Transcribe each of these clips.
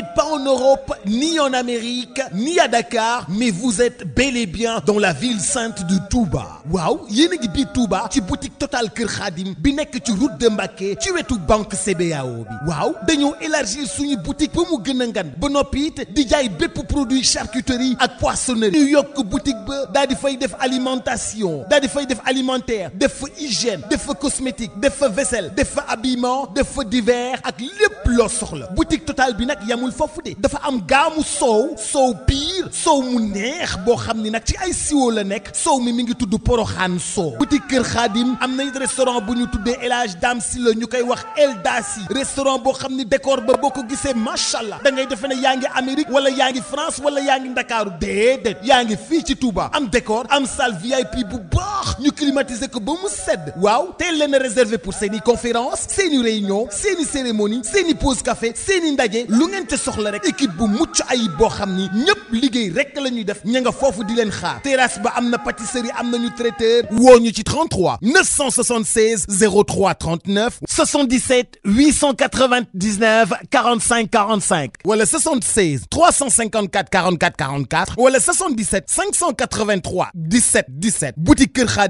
n'êtes pas en Europe, ni en Amérique, ni à Dakar, mais vous êtes bel et bien dans la ville sainte de Touba. waaw yéen a ngi biir Touba ci boutique Total Kër Khadim bi nekk ci route de Mbacké ci wetu banque CBAO bi waaw dañoo élargir suñu boutique ba mu gën a ngan ba noppi it di jaay bépp produit charcuterie ak poissonnerie ñu yokk boutique ba daal di fay def alimentation daal di fay def alimentaire def fa hygiène def fa cosmétique def fa vaisselle def fa habillement def fa divers ak lépp yemul foofu dafa am gaamu soow soow piir soow mu neex boo xam ni nag ci ay siwo la nekk soow mi mi ngi tudd poroxaan soow boutique Kër Xaadim am nañ restaurant bu ñu tuddee El Hadj Dame si la ñu koy wax El Dasi restaurant boo xam ni décor ba boo ko gisee macha allah da ngay defe ne yaa ngi Amérique wala yaa ngi France wala yaa ngi Ndakaaru déedéet yaa ngi fii ci tuubaa am décor am salle VIP bu baax. ñu climatiser ko ba mu sedd waaw teel leen a réservé pour seen i conférence seen i réunion seen cérémonie seen i pause café seen i ndaje lu ngeen te soxla rek équipe bu mucc ayib boo xam ni ñëpp liggéey rek la ñuy def ña nga foofu di leen xaar terrasse ba am na pâtisserie am na ñu traiteur woo ñu ci 33 976 03 39 77 899 45 45 wala 76 354 44 44 wala 77 583 17 17 boutique Kër Xaar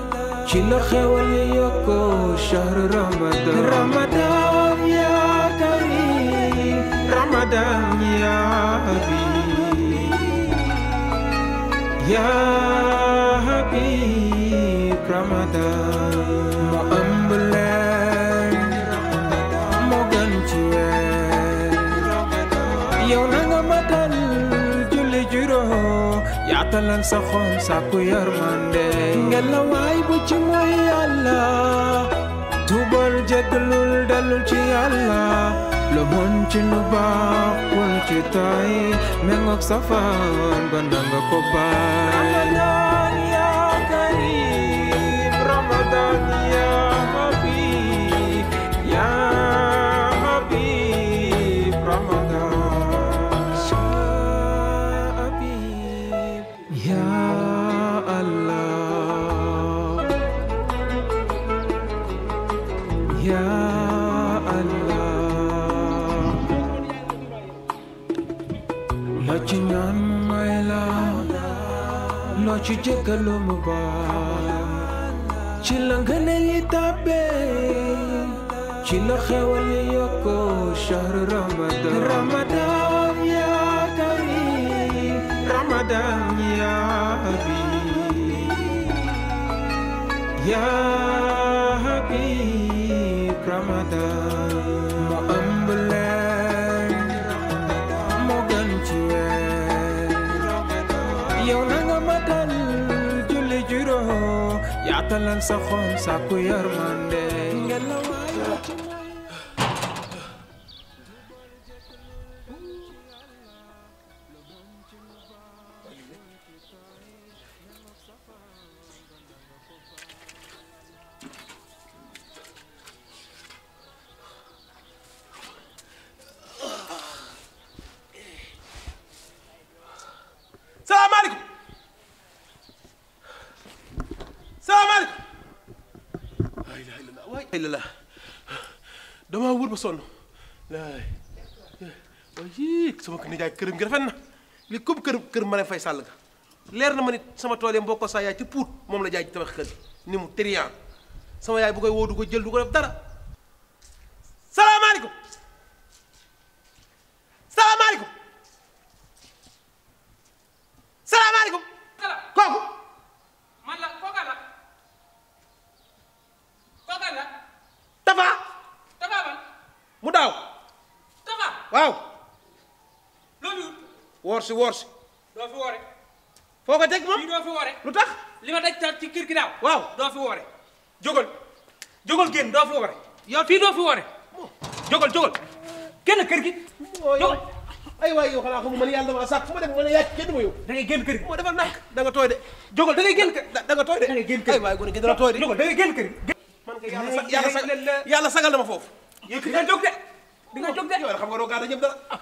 ci la xewal yi yokkoo shahru ramadan ramadan ya karim ramadan ya habib ya habib ramadan moo ëmb leen moo gën ci weer yow na yaatalal sa xol sàkku yërmande ngelaw waay bu ci mooy yàlla tuubal jéggalul dellul ci yàlla lu mun ci lu baax ci tay mengook safaan ba nanga ko baay loo ci jëkka lu mu baal ci la ngëneel yi tàbbee ci la xewal yi yokkoo shahru ramadan ya karim ramadan ya habib yaatalal sa xol sàkku yërmande ilaha illallah waay illallah damaa wër ba sonn laay waay sama ko nijaay këram gi rafet na li comme kër kër Marème Faye Sall ga leer na ma nit sama tool yi mbokk saa yaay ci puut moom la jaay ci tabax kër ni mu triant sama yaay bu koy woo ko jël du ko def dara salaamaaleykum salaamaaleykum salaamaaleykum kooku waaw. loolu. woor si woor si. doo fi woore. foo ko teg moom fii doo fi woore. lu tax li ma daj ta ci kër gi daaw. waaw doo fi woore. jógal jógal génn doo fi woore. yow fii doo fi woore. jógal jógal génn kër gi. jógal ay waay yow ma dem ma ne yàcc kenn ma yow. da ngay génn kër gi da nga tooy de. jógal da ngay génn kër da nga tooy de. yàlla sagal dama foofu. yëkkati na di nga jóg de yow xam nga doo gàddu ñëpp dara ah,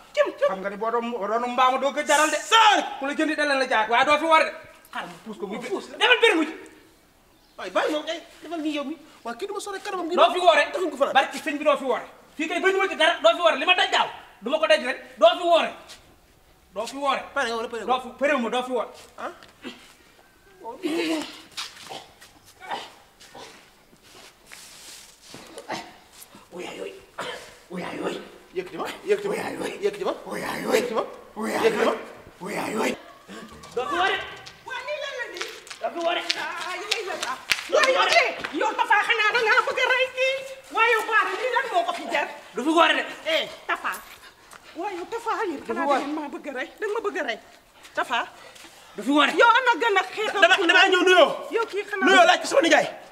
xam nga ni boo doon doon doo ko jaral de sar ku la jëndi dalan la jaar waaye doo fi war de xar mu puus ko mu puus eh, defal bëri yow mi waaw kii du ma ko fa barki sëñ bi doo fi woore fii kay bañu ma ci dara doo li ma daj daaw du ma ko daj rek doo fi woore doo fi woore pare nga pare doo fi pare ma yëkkati ma yëkkati ma yëkkati ma yëkkati ma yëkkati ma waay doo fi waree. waaw nii fi waree. ah yéen la sax. doo fi waree waaye yow de yow Tafa xanaa da ngaa bëgg a rey kii. waaye yow Baara lii lan moo ko fi jar. du fi waree de. eh Tafa. yow Tafa yéen xanaa a rey da nga ma a rey Tafa. du fi waree yow ana gën a xeetu. dama dama ñëw nuyoo.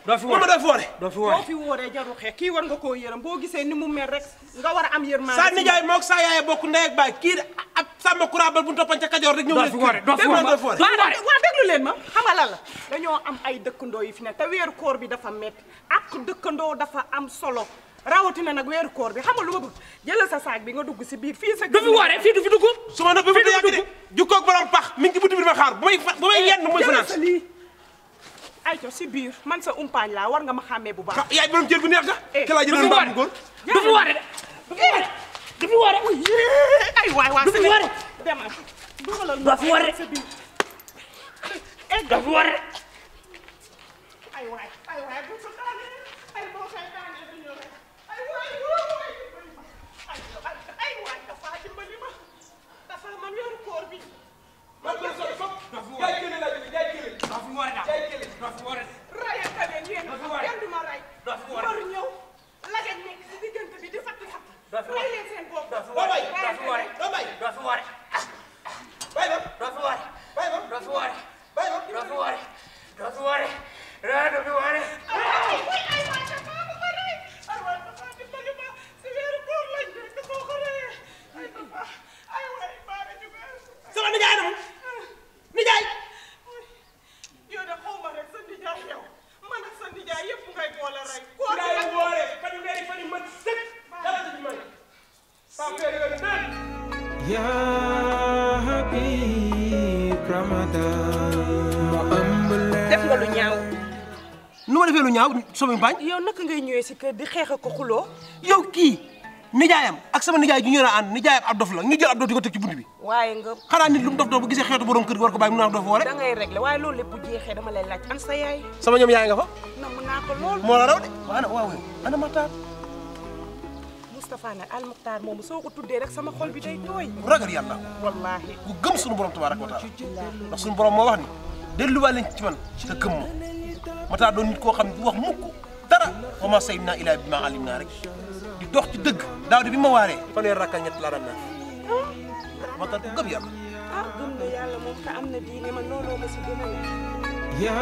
doo fi woore ma doo fi woore. doo fi woore boo jaru xeex kii war nga koo yërëm boo gisee ni mu mel rek nga war a am yërmande. sa nijaay moog sa yaay bokk ndey ak baay kii ab sàmm kuraa ba bu ñu toppoon ca Kajoor rek. doo fi woore doo fi woore doo la dañoo am ay dëkkandoo yi fi ne weeru koor bi dafa métti ak dëkkandoo dafa am solo. rawatina nag weeru koor bi xam nga lu ma bëgg jëlal sa saag bi nga dugg si biir fii sa. du fi wooree fii du fi dugg. su ma noppee bu dee yàgg de jukkoog borom pax mi ngi ci buntu bi dama xaar bu may yenn mooy finance ayca si biir man sa umpaañ laa war nga ma xàmmee bu baax. Ah, yaay borom cër bu neex nga. te eh, laa jëloon mbaam bu góor. du fi waare du fi waare. ay waay waay du fi waare. demal dugalal ma waare sa biir. du fi waare. ay waay. rey leen seen bopp doo fi woore doo fi woore doo bay doo fi woore bay ba doo fi woore bay ba doo fi woore bay ba doo fi woore doo fi woore doo fi woore def nga lu ñaaw. nu ma defee lu ñaaw sama bañ. yow naka ngay ñëwee si kër di xeex a ko xuloo. yow kii nijaayam ak sama nijaay ju ñu la ànd nijaayam ab dof la ñu jël dof di ko teg ci bunt bi. waaye nga. xanaa nit lu mu dof dof bu gisee xeetu borom kër gi war ko bàyyi mu naan dof woo rek. da ngay réglé waaye loolu le bu jeexee dama lay laaj an sa yaay. sama ñoom yaay nga fa. na mën naa ko moo la raw de. waaw ana waaw ana Moustapha ne soo ko tuddee rek sama xol bi day tooy. ku ragal yàlla. wallaahi ku gëm sunu borom tabaaraka wa taala sunu borom moo wax ni delluwaay leen ci man te gëm ma mataa doon nit koo xam ne du wax mukk dara wa maa sayyidnaa illaa bimaa alimnaa rek di dox ci dëgg daaw de bi ma waaree. fanweeri rakka ñett laa daan naan ah. mataa ku gëm yàlla. ah gëm na yàlla moom te am na diine man noonu ma si gën a يا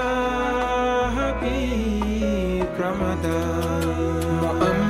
حبيب